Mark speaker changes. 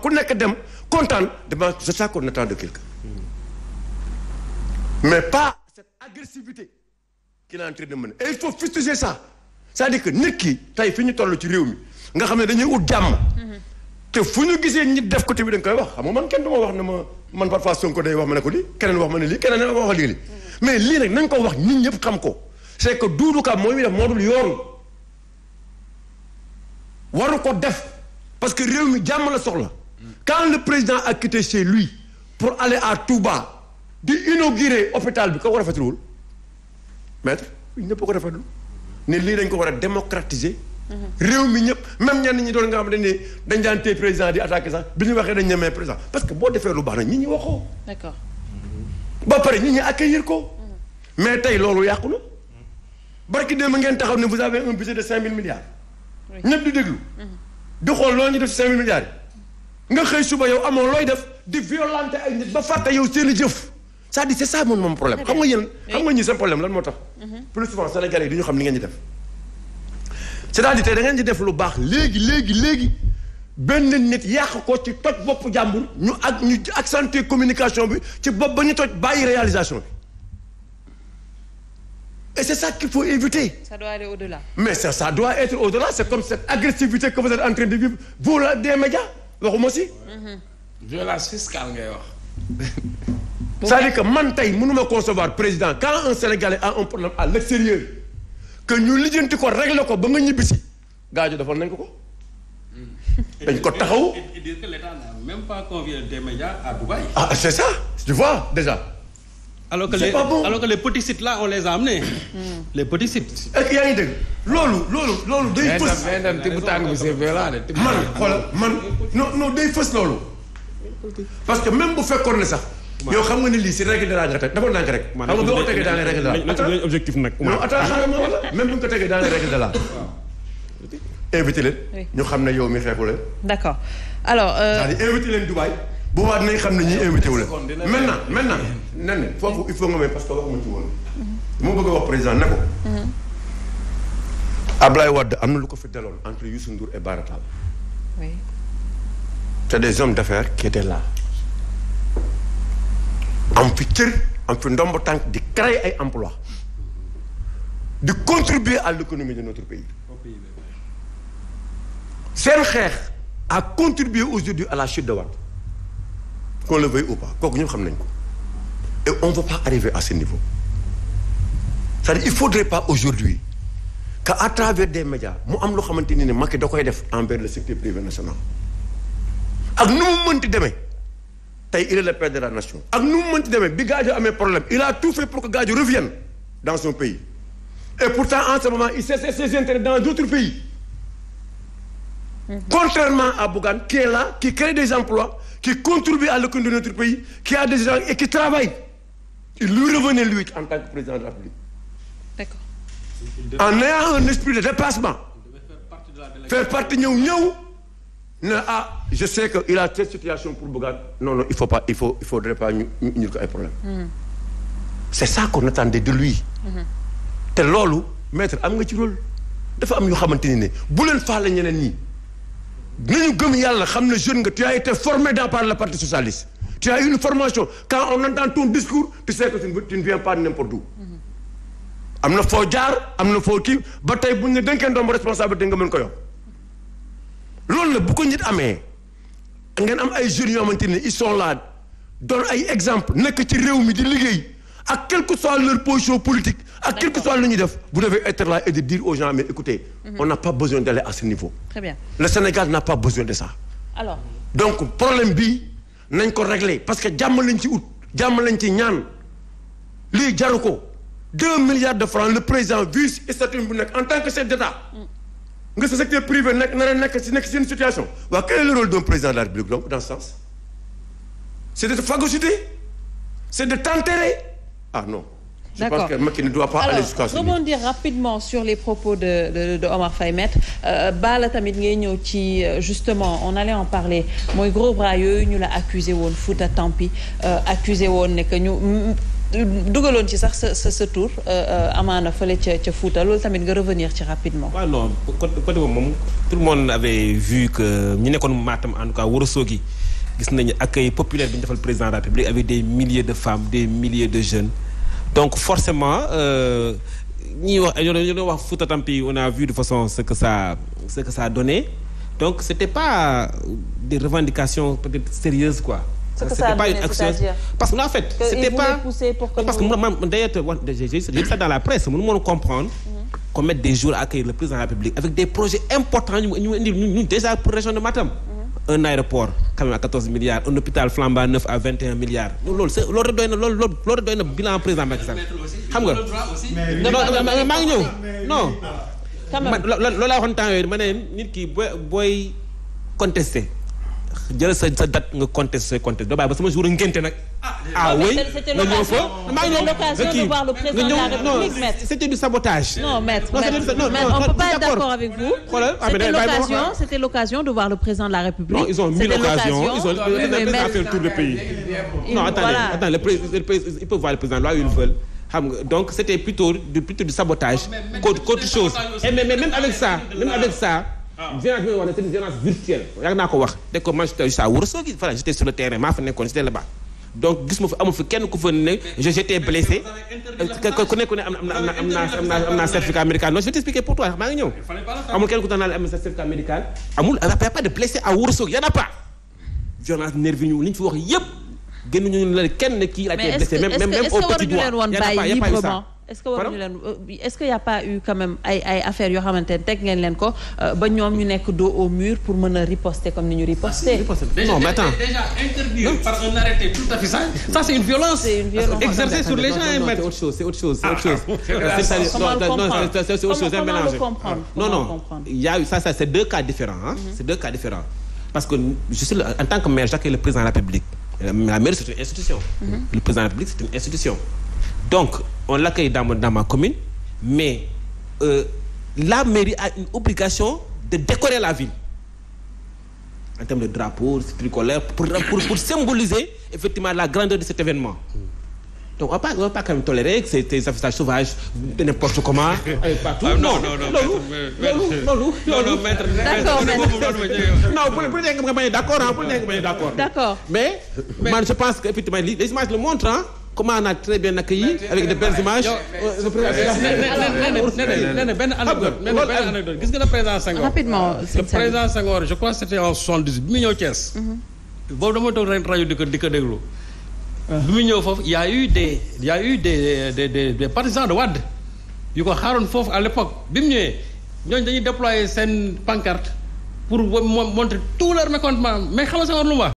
Speaker 1: ku nekk dem kontaan dama c'est ça qu'on attend de quelqu'un mais pas cette agressivité qu'il est en train de mener et il faut fustiger que nit ki tey ñu toll ci réew mi nga xam ne dañuy ut jàmm te fu ñu gisee nit def ko tamit dañ koy wax xam nga man kenn du wax ne ma man parfois Sonko day wax ma ne ko lii keneen wax ma ne lii keneen wax ma ne lii mais lii nag nañ ko wax nit ñëpp xam ko c'est que Doudou Ka mooy def moo dul yoon waru ko def parce que réew mi jàmm la soxla quand le président a quitté chez lui pour aller à Touba di inaugurer hôpital bi ko ko rafetluwul maître ñëpp ko rafetlu ne lii dañ ko war a démocratiser. réew mi ñëpp même ñenn ñi doon nga xam dañ ne dañ daan téye président di attaqué sax bi ñu waxee dañ ñemee président parce que boo defee lu baax na ñi ñi waxoo. d'accord ba pare ñi ñi accueillir ko. mais tey loolu yàqu na. barki démb ngeen taxaw ne vous avez un budget de cinq mille milliards. ñëpp di déglu. Mhm. di xool loo ñu def cinq mille milliards nga xëy suba yow amoon looy def di violenter ay nit ba fàtte yow seen jëf c'est-à-dire c'est ça moom moom problème xam nga yéen xam nga ñi seen problème lan moo tax mhm. plus souvent sénégalais yi du ñu xam li ngeen di def da ngeen di def lu baax léegi léegi léegi benn nit yàq ko ci toj bopp jàmbur ñu ak ñu accentuer communication bi ci bopp ba ñu toj bàyyi réalisation bi et c'est ça qu'il faut éviter.
Speaker 2: ça doit aller au-delà.
Speaker 1: mais ça ça doit être au-delà c'est comme cette agressivité que vous êtes waxuma si. violence fiscale ngay wax. c'est-à-dire que man tey mënuma concevoir président quand un Sénégalais a un problème à l'extérieur que ñu lijjanti ko régler ko ba nga ñibbi si gaajo defoon nañ ko dañ ko taxaw. et dire
Speaker 2: même pas convié des médias à Dubaï. ah
Speaker 1: c'est ça tu vois déjà. alors que les alors que les petits on les a amenés.
Speaker 2: Hmm.
Speaker 1: les petits yaa ngi dégg loolu loolu loolu day fës. man xoolal man non non day fës loolu. parce que même bu fekkoon ne sax. yow xam nga ne lii si règle de la nga teg dafa nànk rek. xam nga boo ko tegee dans les règles de la. nañ ñu xam ne yow mi xeexu leen. d'accord alors. c'est-à-dire euh,
Speaker 2: boobaa nañ xam ne ñuy invité wu la maintenant
Speaker 1: maintenant nen foofu il faut nga may parce que waxuma
Speaker 2: ci
Speaker 1: bëgg a wax président ne ko mhm. Ablaye Wade am na lu ko fi daloon entre Youssou Ndour et Bara Tall te des hommes d'affaires qui étaient là am fi cër am fi ndomb tànk di créer ay emplois di contribuer à l'économie de notre pays seen xeex ak contribué aujourd'hui à la chute de Wade qu'on le ou pas kooku ñëpp xam nañ ko et on va pas arriver à ce niveau c'est-à-dire il faudrait pas aujourd'hui que à travers des médias mu am loo xamante ni ne Macky da koy def envers le secteur privé national ak nu mu mënti demee tey il est le père de la nation ak nu mu mënti demee bi Gadio amee problème il a tout fait pour que Gadio revienne dans son pays et pourtant en ce moment il cherche ses intérêts dans d'autres pays mm-hmm. contrairement à Bougane qui est là qui crée des qui contribue à l'économie de notre pays, qui a des gens et qui Il lui revenait, lui, en tant que président de la République. D'accord. En ayant un esprit de dépassement. faire partie ñëw ñëw ne ah, je sais que il situation pour Bougane non non il faut pas il faut il pas ñu ñu ko ay problème hmm. c'est ça qu'on attendait de lui hmm. te loolu maître am nga ci rôle dafa am yoo xamante ni ne bu leen faale ñeneen ñi nañu gëm yàlla xam ne jeune nga tu as été formé dans par le parti socialiste tu une formation quand on entend ton discours tu sais que tu ne viens pas de n'importe où am na foo jaar am na foo kii ba tey buñ ne dénkee ndoom responsabilité nga mën ko yor loolu bu ko nit amee ngeen am ay jeunes yoo xamante ne ils sont là doon ay exemple nekk ci réew mi di liggéey ak quelque que soit leur position politique ak quel soit lu ñuy def vous devez être là et de dire aux gens mais écoutez mhm. on n'a pas besoin d'aller à ce niveau le Sénégal n'a pas besoin de ça donc problème bi nañ ko régler parce que jàmm lañ ci ut jàmm lañ ci ñaan lii jaru ko deux milliards de francs le président vice statut bu nekk en tant que chef d'État mm. nga sa secteur privé nekk na nekk si nekk seen situation waaw quel est le rôle d'un président de ah no
Speaker 2: Je D'accord. pense que Macky ne
Speaker 1: doit pas Alors, aller rebondir
Speaker 2: rapidement sur les propos de de, de Omar euh, Bala tamit ngay ñëw ci euh, justement on allait en parler mooy gros bras yooyu ñu la accusé woon Fouta Tampi euh, accusé woon ne que ñu mm, mm, dugaloon ci sax sa sa sa tour euh, amaana fële ca ca Fouta loolu tamit nga revenir ci rapidement. waaw non côté moom tout le monde avait vu que ñu nekkoon Matam en tout cas Ourossogui gi gis nañu accueil populaire bi ñu defal président de la République avec des milliers de femmes des milliers de jeunes donc forcément euh, ñuy wax ñu doon wax a vu de façon ce que ça ce que ça a donné donc c'était pas des revendications peut-être sérieuses quoi. ce que pas une action parce que en fait. c'était dans la presse mënu ma comprendre. Mm-hmm. qu'on des jours accueillir le président de la République avec des projets importants ñu ñu indi déjà pour région de Matam. un aéroport quand a à 14 milliards un hôpital flambant neuf à 21 milliards loolu c'est loolu doy na loolu loolu loolu doy na bilan président Macky Sall xam nga non ñëw non loolu laa waxoon temps yooyu ma ne nit ki booy booy contesté jël sa sa date nga contesté say contesté da bàyyi ba sama jour ngénte nag. ah, ah oui c'était l'occasion ah. c'était l'occasion de voir le président de la République. non ils ont mille occasions ils ont fait le tour du pays. non attendez attendez le voir le président là où ils veulent. donc c'était plutôt du sabotage. qu'autre chose eh, mais mais même avec ça même avec ça. Ah. violence bi virtuelle yàgg naa ko wax teg ko man juste à Ourossogui voilà j'étais sur le terrain maa fa nekkoon j'étais là-bas donc gis ma fi amul fi kenn ku fa ne j'étais blessé euh, ku nekk am na am na non je vais t'expliquer pour maa ngi ñëw amul kenn ku tax naa la am na certificat médical amul y a pas de blessé à Ourossogui y en a ñu li ñu fi wax yëpp gënuñu la kenn kii la blessé même même au petit doigt est-ce que waruñu leen euh, est-ce que y' a pas eu quand même ay ay affaires xamante ne teg ngeen leen ko euh, ba ñoom ñu nekk dos au mur pour mën a riposter comme ni ñu ah, riposter. non mais attends déjà interdire par un c'est une violence. c'est sur les gens et mettre. c'est autre chose c'est autre ah, chose ah, c'est autre chose. c'est autre chose mélanger non non c'est deux cas mhm. c'est deux cas c'est une institution. Mhm. le président la République c'est une institution. donc on l'accueille dans, dans ma commune mais euh, la mairie a une obligation de décorer la ville en termes de drapeaux tricolores pour, pour, pour symboliser effectivement la grandeur de cet événement donc on ne va pas quand même tolérer que c'est des affichages sauvages de n'importe comment euh, ah, non non non loolu loolu non bu bu nekk d'accord mais je pense que effectivement les images le montrent comment on a très bien accueilli avec de benn anecdote nee na benn anecdote gis nga le président Senghor. rapidement le président je crois c'était en 78 bi mu ñëw Thiès. Mhm. boobu dama toog rajo di ko di ko déglu. bi mu ñëw foofu y a eu des y a eu des de Wade yu ko xaaroon foofu à l'époque bi mu ñëwee ñooñu
Speaker 1: dañuy déployer seen pancarte pour montrer tout leur mécontentement mais xam nga Senghor lu mu wax